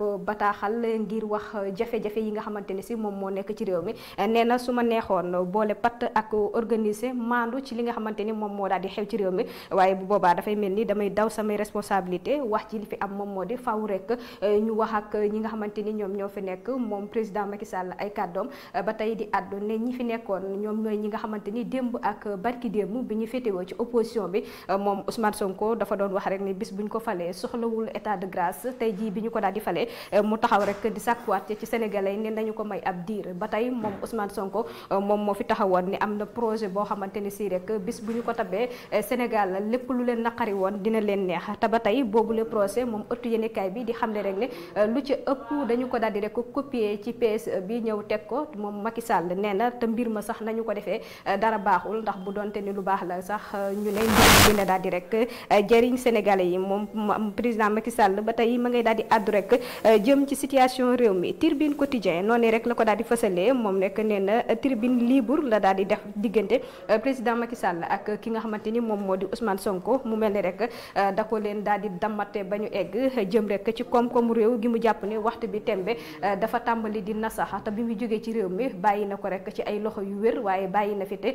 ab bataaxal ngir wax jafe-jafe yi nga xamante ni si moom moo nekk ci réew mi nee na su ma neexoon boole pat ak organise maandu ci li nga xamante ni moom moo daal di xew ci réew mi waaye bu boobaa dafay mel ni damay daw samay responsabilité wax ci li fi am moom moo di faw rek eh, ñu wax ak ñi nga xamante ni ñoom ñoo fi nekk moom président Macky Sall ay kàddoom ba tey di àddu ne ñi fi nekkoon ñoom ñooy ñi nga xamante ni démb ak barki démb bi ñu féetewoo ci opposition bi eh, moom Ousmane Sonko dafa doon wax rek ni bis ñu ko falee soxlawul état de grâce tey jii bi ñu ko daal di falee Euh, mu taxaw rek di sàkkuwaat ci sénégalais yi ne nañu ko may ab diir ba tey moom Ousmane Sonko euh, moom moo fi taxawoon ni am na projet boo xamante ni si rek bis bu ñu ko tabee euh, Sénégal lépp lu leen naqari woon dina leen neex te ba tey boobule projet moom ëttu yéenekaay bi di xamle rek ne lu ci ëpp dañu ko daal di rek copier ci PSE bi ñëw teg ko moom Macky Sall nee na te mbir ma sax nañu ko defee dara baaxul ndax bu doonte ni lu baax la sax ñu ne mbir mi dina daal di rek jëriñ sénégalais yi moom président Macky ba tey ma ngay daal Euh, jëm ci situation réew mi Tribune Quotidien noonu rek la ko daal di fësalee moom nekk nee na Tribune libre la daal di def diggante euh, président Macky Sall ak ki nga xamante ni moom moo di Ousmane Sonko mu mel ni rek euh, da ko leen daal di damate ba egg jëm rek ci koom réew gi mu jàpp ne waxtu bi tembe dafa tàmbali di nasaxa te bi mu jógee ci réew mi bàyyi na ko rek ci ay loxo yu wér waaye bàyyi na fi te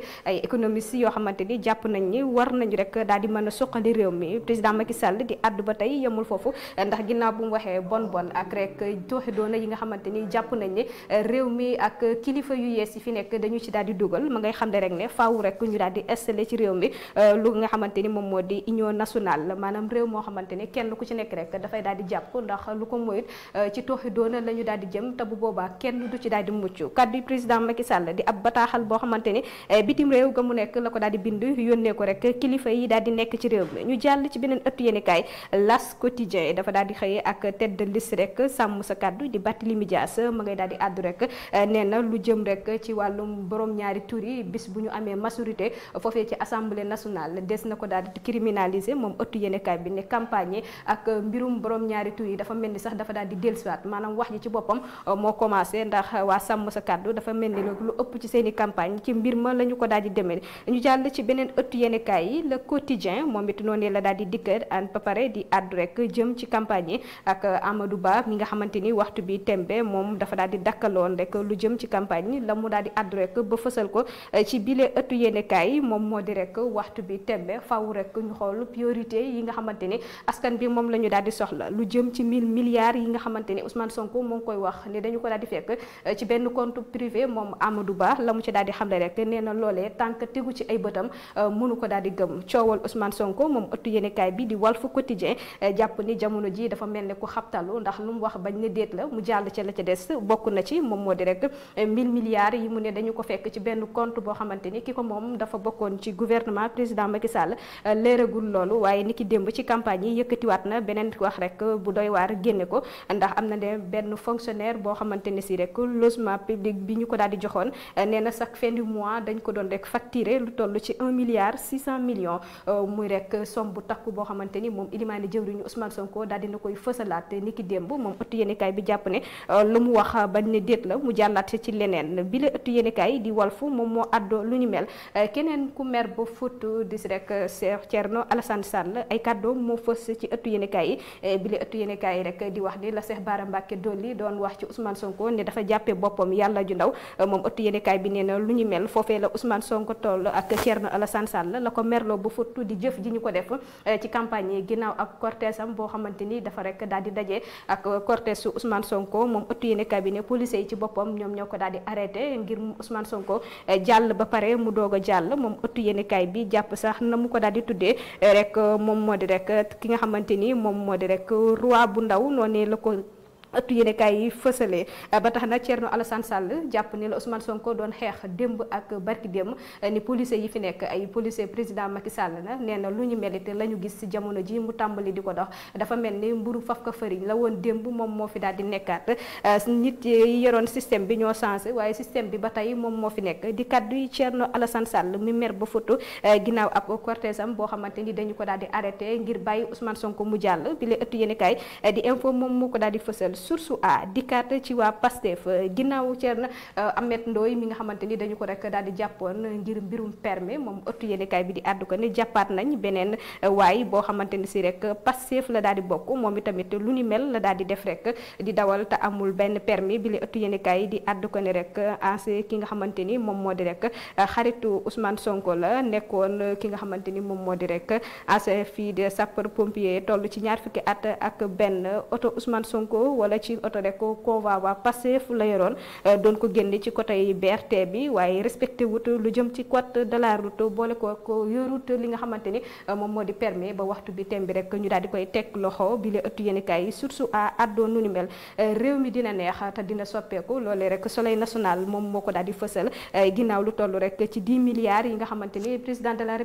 yoo xamante ni jàpp nañ ni war nañu rek daal di mën a suqali réew mi président Macky Sall di àddu ba tey yemul foofu ndax ginnaaw bu mu waxee bon bon ak rek tooxi yi nga xamante ni jàpp nañ ne eh, réew mi ak kilifa yu yees yi fi nekk dañu ci daal di dugal ma ngay xam ne rek ne faaw rek ñu daal di installé ci réew mi eh, lu nga xamante ni moom moo di union nationale maanaam moo xamante ni kenn ku ci nekk rek dafay daal di jàpp ndax lu ko moyut eh, ci tooxi doona la ñu daal di jëm te bu boobaa kenn du ci daal di mucc kaddu président Macky Sall di ab bataaxal boo xamante ni bitim réew ga mu nekk la ko daal di bind yónnee ko rek kilifa yi daal nekk ci réew mi ñu jàll ci beneen ëttu yéenekaay las quotidien dafa daal di xëyee ak tête de liste rek sàmm sa kàddu di Barthélémy Dias ma ngay daal di àddu rek eh, nee na lu jëm rek ci wàllum borom ñaari tur yi bis bu ñu amee majorité foofee ci assemblée nationale des na ko daal di criminaliser moom ëttu yéenekaay bi ne campagne ak mbirum borom ñaari tur yi dafa mel ni sax dafa daal di dellusiwaat maanaam wax ji ci boppam eh, moo commencé ndax waa sàmm sa kàddu dafa mel ni lu ëpp ci seen i campagne ci mbir ma la ñu ko daal di deme demee ñu jàll ci beneen ëttu yéenekaay yi le quotidien moom it noonu la daal di dikk an ba pare di àddu rek jëm ci campagne ak Amadou Ba Ba mi nga xamante ni waxtu bi tembe moom dafa daal di dakkaloon rek lu jëm ci campagne la mu daal di àddu rek ba fësal ko eh, ci bile ëttu yéenekaay moom moo di rek waxtu bi tembe faw rek ñu xool priorité yi nga xamante ni askan bi moom la ñu daal di soxla lu jëm ci mille milliards yi nga xamante ni Ousmane Sonko moo ngi koy wax ni dañu ko daal di fekk eh, ci benn compte privé moom Amadou Ba la mu ci daal di xamle rek nee na loolee tànk tegu ci ay bëtam eh, mënu ko daal di gëm coowal Ousmane Sonko moom ëttu yéenekaay bi di Walf Quotidien jàpp ni mel ne ku xabtalu ndax ndax lu mu wax bañ ne déet la mu jàll ca la ca des bokk na ci moom moo di rek 1000 milliards yi mu ne dañu ko fekk ci benn compte boo xamante ni ki ko moom dafa bokkoon ci gouvernement président Macky Sall euh, léeragul loolu waaye ni ki démb ci campagne yi yëkkatiwaat na beneen wax rek bu doy waar génne ko ndax am na ne benn fonctionnaire boo xamante ne si rek logement public bi ñu ko daal di joxoon euh, nee na chaque fin du mois dañ ko doon rek facturé lu toll ci 1 milliard 600 millions euh, muy rek somme bu takku boo xamante ni moom Ilimane jëwriñu Ousmane Sonko daal dina koy fësalaat ni ki démb démb moom ëttu yéenekaay bi jàpp ne euh, lu mu wax euh, bañ ne déet la mu jàllaat ci leneen bi ëttu yéenekaay di Walf moom moo àddoo lu ñu mel euh, keneen ku mer ba foto dis rek Cheikh Thierno Alassane Sall ay kàddoo di wax ni la Cheikh Bara Mbacké Dolly doon wax ci Ousmane Sonko ne dafa jàppee boppam yàlla ju ndaw moom ëttu bi nee na lu ñu mel foofee la Ousmane Sonko toll ak Thierno Alassane Sall la ko merloo ba foto di jëf ji ñu ko def ci campagne yi ginnaaw ak cortège boo xamante ni dafa rek daal di daje ak cortège su Ousmane Sonko moom ëttu yéene cabinet policier yi ci boppam ñoom ñoo ko daal di arrêté ngir Ousmane Sonko eh, jàll ba pare mu doog a jàll moom ëttu yéene bi jàpp sax na mu ko daal di tuddee eh, rek eh, moom moo di rek ki nga xamante ni moom moo di rek roi bu ndaw noonu la ko. ëttu yéenekaay yi fësale eh, ba tax na Thierno Alassane Sall jàpp ni la Ousmane Sonko doon xeex démb ak barki démb eh, ni policier yi fi nekk ay policier président Macky Sall na nee na lu ñu melite la ñu gis ci jamono ji mu tàmbali di ko dox dafa mel ni mburu faf ka fëriñ la woon démb moom moo fi daal di nekkaat eh, nit yi yoroon système bi ñoo changé waaye système bi ba tey moom moo fi nekk di kaddu yi Thierno Alassane Sall mi mer ba foto ginnaaw ab cortège am boo xamante ni dañu ko daal di arrêté ngir bàyyi Ousmane Sonko mu jàll bi la ëttu di info moom moo ko daal di fësal jël source a dikkaat ci waa Pastef ginnaaw na eh, Amet ndooy mi nga xamante ni dañu ko rek daal di jàppoon ngir mbirum permis moom ëttu yéenekaay bi di àddu ko jàppaat nañ beneen eh, waay boo xamante ni si rek Pastef la daal di bokk moom itamit lu ni mel la daal di def rek di dawal te amul benn permis bi la ëttu yéenekaay di àddu ko rek ancien ki nga xamante ni moom moo di rek eh, xaritu Ousmane Sonko la nekkoon ki nga xamante ni moom moo di rek ancien fii de sapeur pompier toll ci ñaar fukki at ak benn oto Ousmane Sonko wala ci oto rek convoi waa Pastef la yoroon euh, doon ko génne ci côté yi bi waaye respecté wut lu jëm ci code de la boole ko ko yorut li nga xamante ni euh, moom moo di permis ba bi tem bi rek di koy teg loxo bi la ëttu yéenekaay yi surtout à euh, fësal ginnaaw lu toll rek ci 10 milliards yi nga xamante ni président de la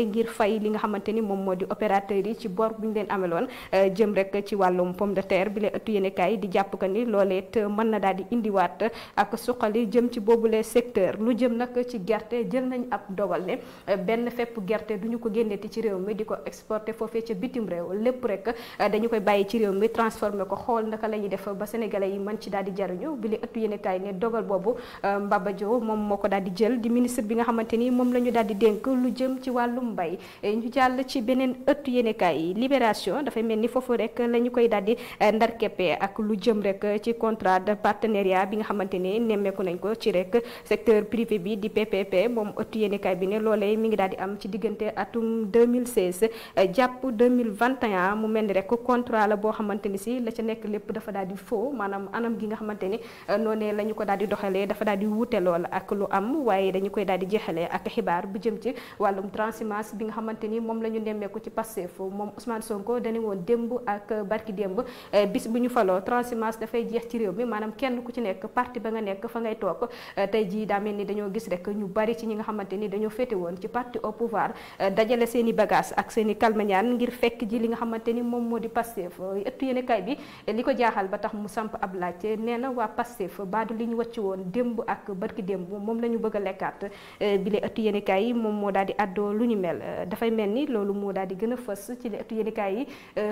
li nga xamante ni moom moo di opérateur yi ci bor bu ñu leen ameloon Euh, jëm rek ci wàllum pomme de terre bi la ëttu yéenekaay di jàpp ko ni looleet mën na daal di indiwaat ak suqali jëm ci boobule secteur lu jëm nag ci gerte jël nañ ab dogal ne euh, benn fepp gerte du ñu ko génneeti ci réew mi di ko exporté foofee ca bitim réew lépp rek euh, dañu koy bàyyi ci réew mi transformé ko xool naka la ñuy def ba sénégalais yi mën ci daal di jariñu bi li ëttu yéenekaay ne dogal boobu Mbaba Diop moom moo ko daal di jël di ministre bi nga xamante ni moom la ñu daal di dénk lu jëm ci wàllum mbay ñu ci beneen ëttu yéenekaay yi libération dafa dafay mel ni foofu rek la ñu koy daal di eh, ndar keppe ak lu jëm rek ci contrat de partenariat bi nga xamante ne nemmeeku nañ ko ci rek secteur privé bi di PPP moom ëttu yéenekaay bi ne loolee mi ngi daal di am ci diggante atum 2016 eh, jàpp 2021 mu mel ni rek contrat la boo xamante ni si la ca nekk lépp dafa daal di faux maanaam anam gi nga xamante ni eh, noonee la ñu ko daal di doxalee dafa daal di wuute lool ak lu am waaye dañu koy daal di jeexalee ak xibaar bu jëm ci wàllum transhumance bi nga xamante ni moom la ñu nemmeeku ci Pastef moom Ousmane Sonko dañu woon démb ak euh, barki démb euh, bis bu ñu faloo transhumance dafay jeex ci réew mi maanaam kenn ku ci nekk parti ba nga nekk fa ngay toog euh, tey jii daa mel ni dañoo gis rek ñu bari ci ñi nga xamante ni dañoo féete woon ci parti au pouvoir dajale seeni i ak seen i kalmañaan ngir fekk ji li nga xamante ni moom moo di Pastef ëttu yéene kay bi li ko jaaxal ba tax mu samp ab laajte nee na waa Pastef baadu li ñu wàcc woon démb ak barki démb moom la ñu bëgg lekkaat bi la ëttu yéene yi moom moo daal di àddoo lu ñu mel dafay mel ni loolu moo daal di gën a fës ci li yi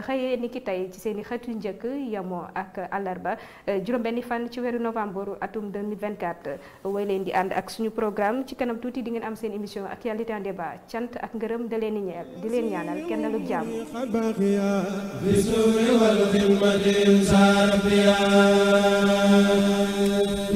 xëyee niki tey ci seen i xët yu njëkk yamoo ak àllarba eh, juróom-benni fan ci weeru novembre atum 2024 way leen di ànd ak suñu programme ci kanam tuuti di ngeen am seen émission ak en débat cant ak ngërëm da leen di ñeel di leen ñaanal kenn lu jàmm